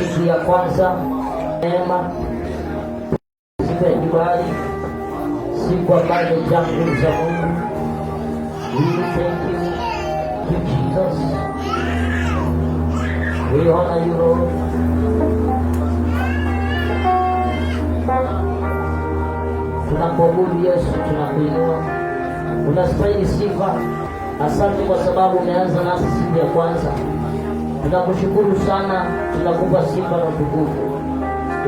siku ya kwanza neema, siku ya Jubali, siku ambazo jambo za Mungu. We thank you, to Jesus. We honor you Lord. Tunakuabudu Yesu, tunakuinua, unastahili sifa. Asante kwa sababu umeanza nasi siku ya kwanza Tunakushukuru sana, tunakupa sifa na utukufu.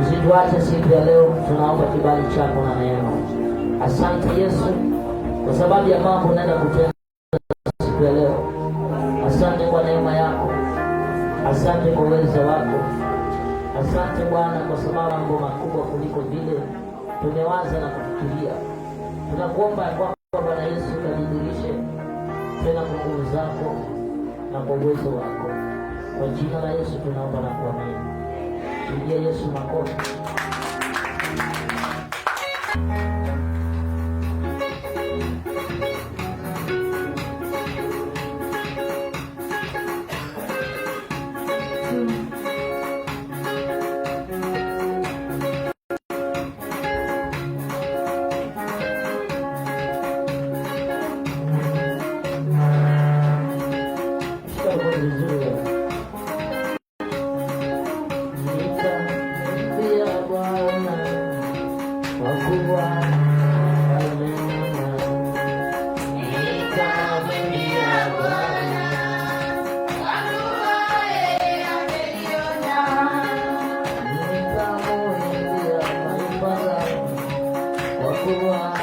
Usituache siku ya leo, tunaomba kibali chako na neema. Asante Yesu kwa sababu ya mambo unaenda kutenda siku ya leo. Asante kwa neema yako, asante kwa uwezo wako, asante Bwana kwa sababu mambo makubwa kuliko vile tumewaza na kufikiria. Tunakuomba ya kwamba Bwana Yesu kadhihirishe tena kwa nguvu zako na kwa uwezo wako kwa jina la Yesu tunaomba na kuamini. Pigia Yesu makofi. 啊。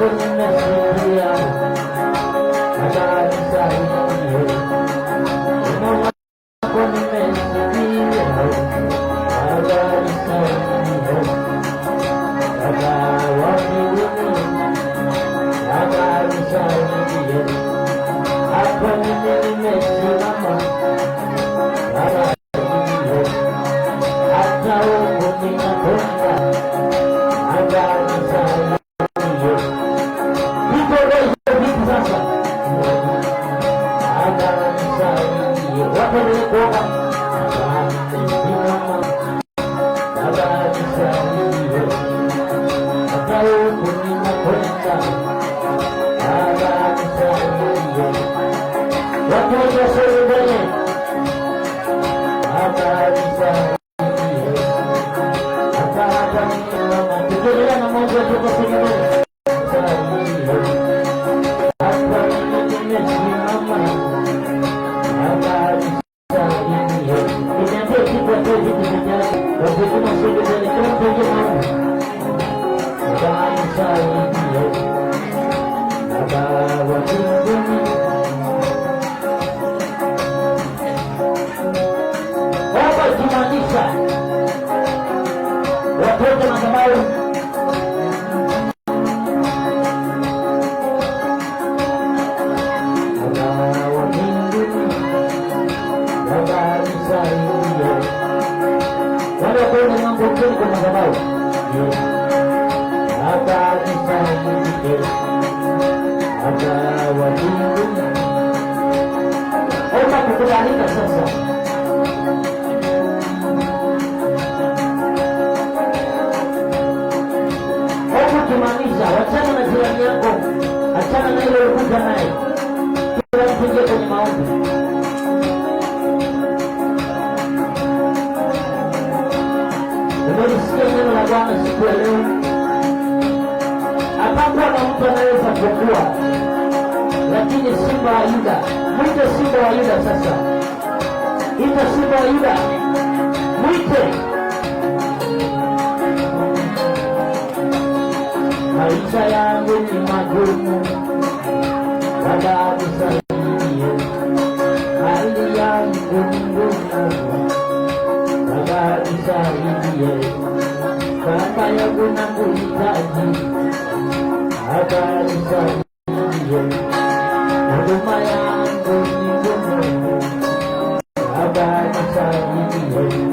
كل شيء حجار سعيد kukubalika sasa. wachana na achana na naye, kila mtu ingie kwenye maombi. Umelisikia mtu anaweza kukua, lakini simba Mwite simba wa Yuda sasa, ita simba wa Yuda, mwite maisha yangu ni magumu, Baba hali yangu ngumu, Baba nisaidie, yangu nakuhitaji, Baba nisaidie guys, I'm sorry,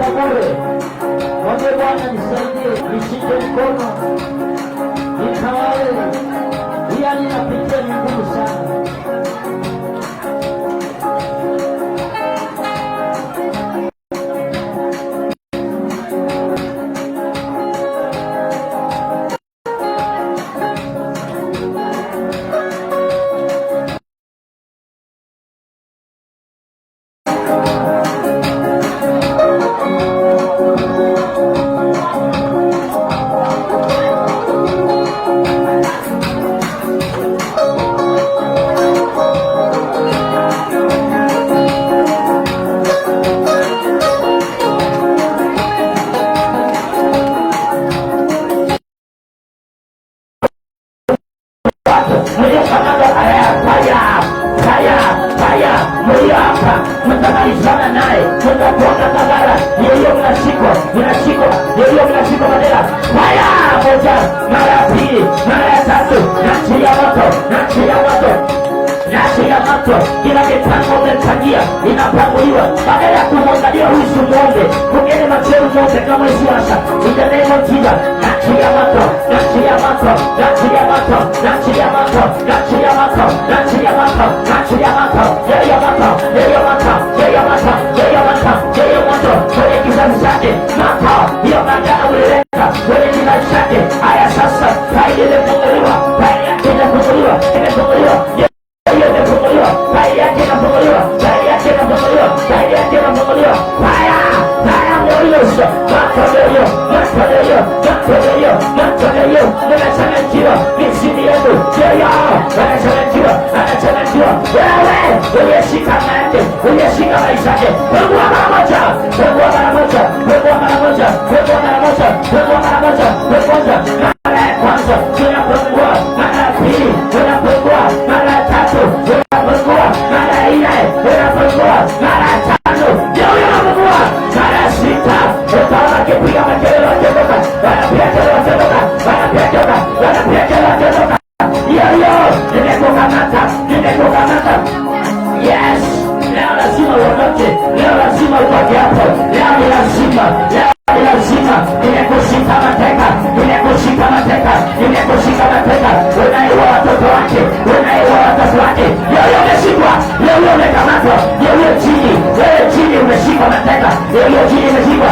করবে মনে করেন সেদিকে নিশ্চিত করুন mnapona madhara, hiyo hiyo mnashikwa, mnashikwa, hiyo hiyo mnashikwa madera. Haya, moja, mara ya pili, mara ya tatu, naachilia moto, naachilia moto, naachilia moto. Kila mipango umempangia inapanguliwa, badala ya kumwangalia huyu simwombe, mgeni macheu mote kama siasa itaneno jina, naachilia moto, naachilia moto, naachilia moto, naachilia moto, naachilia moto, naachilia moto, naachilia moto, yeye moto, yeye moto, yeye moto kizazi chake Yeah.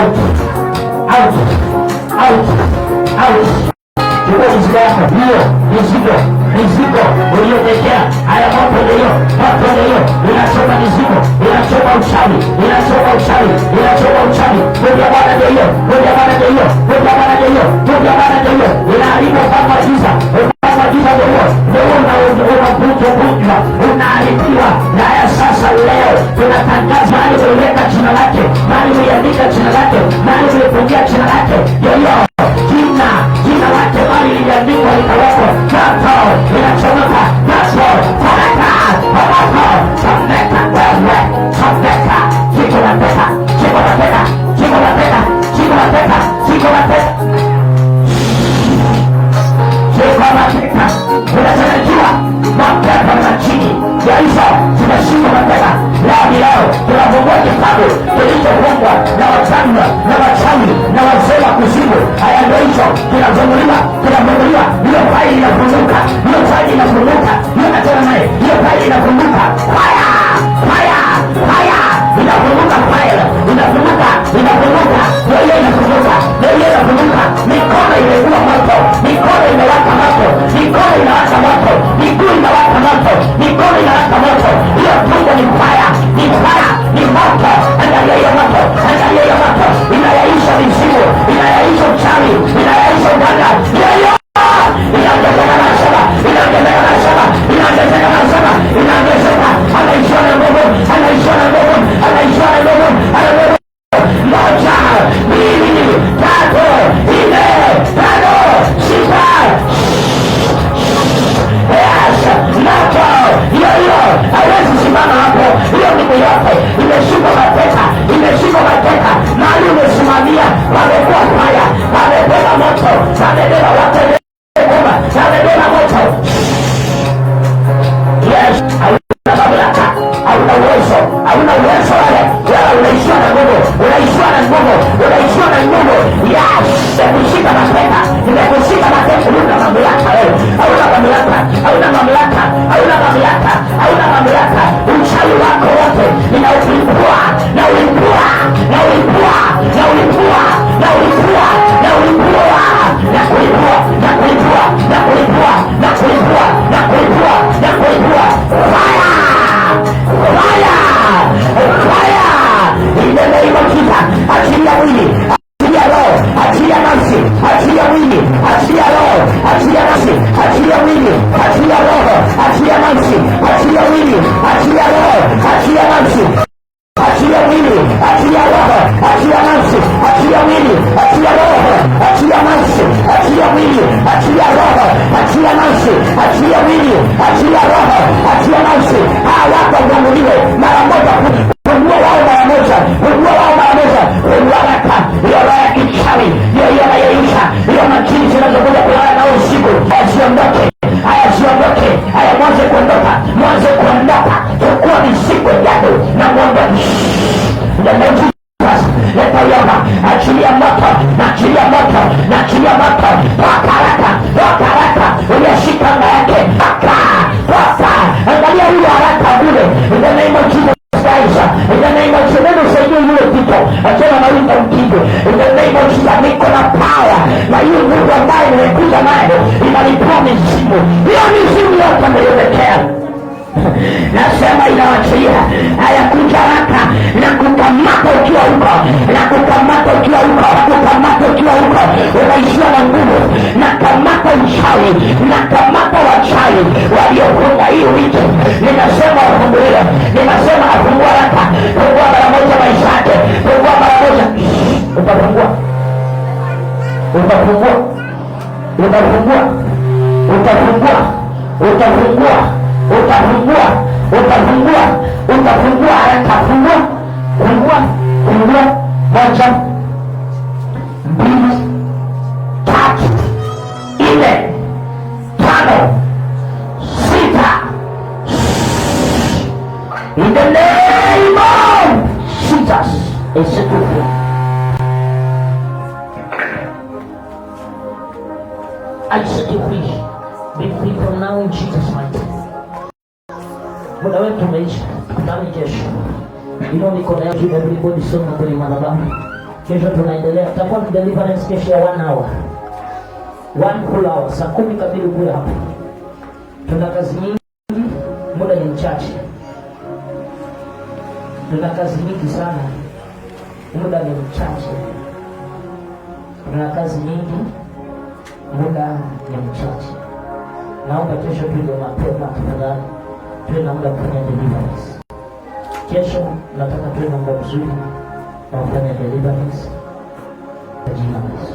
out, out, out, out. Chukua mizigo yako hiyo, mizigo, mizigo uliotekea, haya mambo leo, mambo leo, inachoma mizigo, inachoma uchawi, inachoma uchawi, inachoma uchawi. Mungu Bwana ndio hiyo, Mungu Bwana ndio hiyo, Mungu Bwana ndio hiyo, Mungu Bwana ndio hiyo, inaharibu kwa miujiza. Bila kuja unakuja unaharibiwa. Naya sasa leo tunatangaza mali uliweka jina lake, mali uliandika jina lake, mali ulifungia jina lake yoyo utafungua, utafungua, utafungua, utafungua, utafungua, utafungua, fungua, fungua, moja Inua mikono yako juu, every body soma kwenye madhabahu. Kesho tunaendelea, tutakuwa na deliverance kesho ya one hour, one full hour, saa kumi kamili kule hapo. Tuna kazi nyingi, muda ni mchache, tuna kazi nyingi sana, muda ni mchache, tuna kazi nyingi, muda ni mchache. Naomba kesho tuje mapema tafadhali, tuwe na muda kufanya deliverance. Kesho nataka tuwe na muda mzuri na kufanya deliverance kwa jina la Yesu.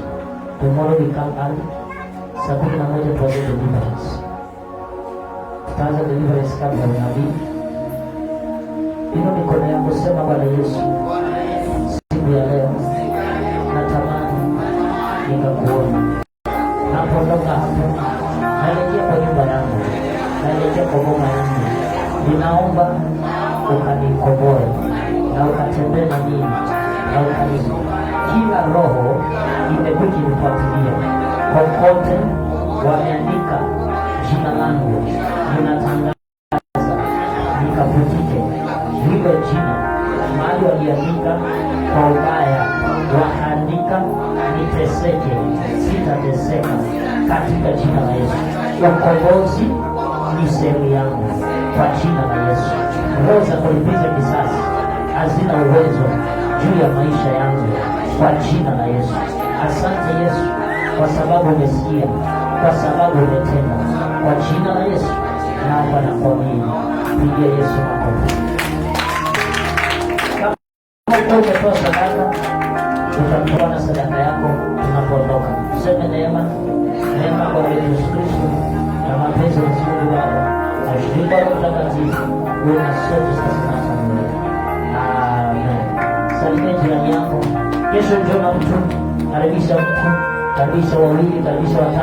Tomorrow we come early, saa kumi na moja tuanze deliverance. Tutaanza deliverance kabla ya nabii. Ino mikono yako, sema Bwana Yesu Alhamisi, kila roho imekuwa ikinifuatilia kokote, wameandika jina langu, ninatangaza nikavutike hilo jina. mali waliandika kwa ubaya, waandika niteseke, sitateseka katika jina la Yesu. Ukombozi ni sehemu yangu kwa jina la Yesu. Roho za kulipiza kisasi hazina uwezo Júlia maisha yangu kwa jina la Yesu. Asante Yesu kwa sababu o kwa sababu umetenda, kwa jina la Yesu naomba na kuamini. Pigia Yesu makofi. Kama umetoa sadaka, utakuwa na sadaka yako unapoondoka. Tuseme neema, neema Jesus Cristo, é uma mapenzi do Baba A ushirika wa Mtakatifu o na sote sasa na Salimia jirani yako. Kesho njoo na mtu, karibisha mtu, karibisha wawili, karibisha watatu.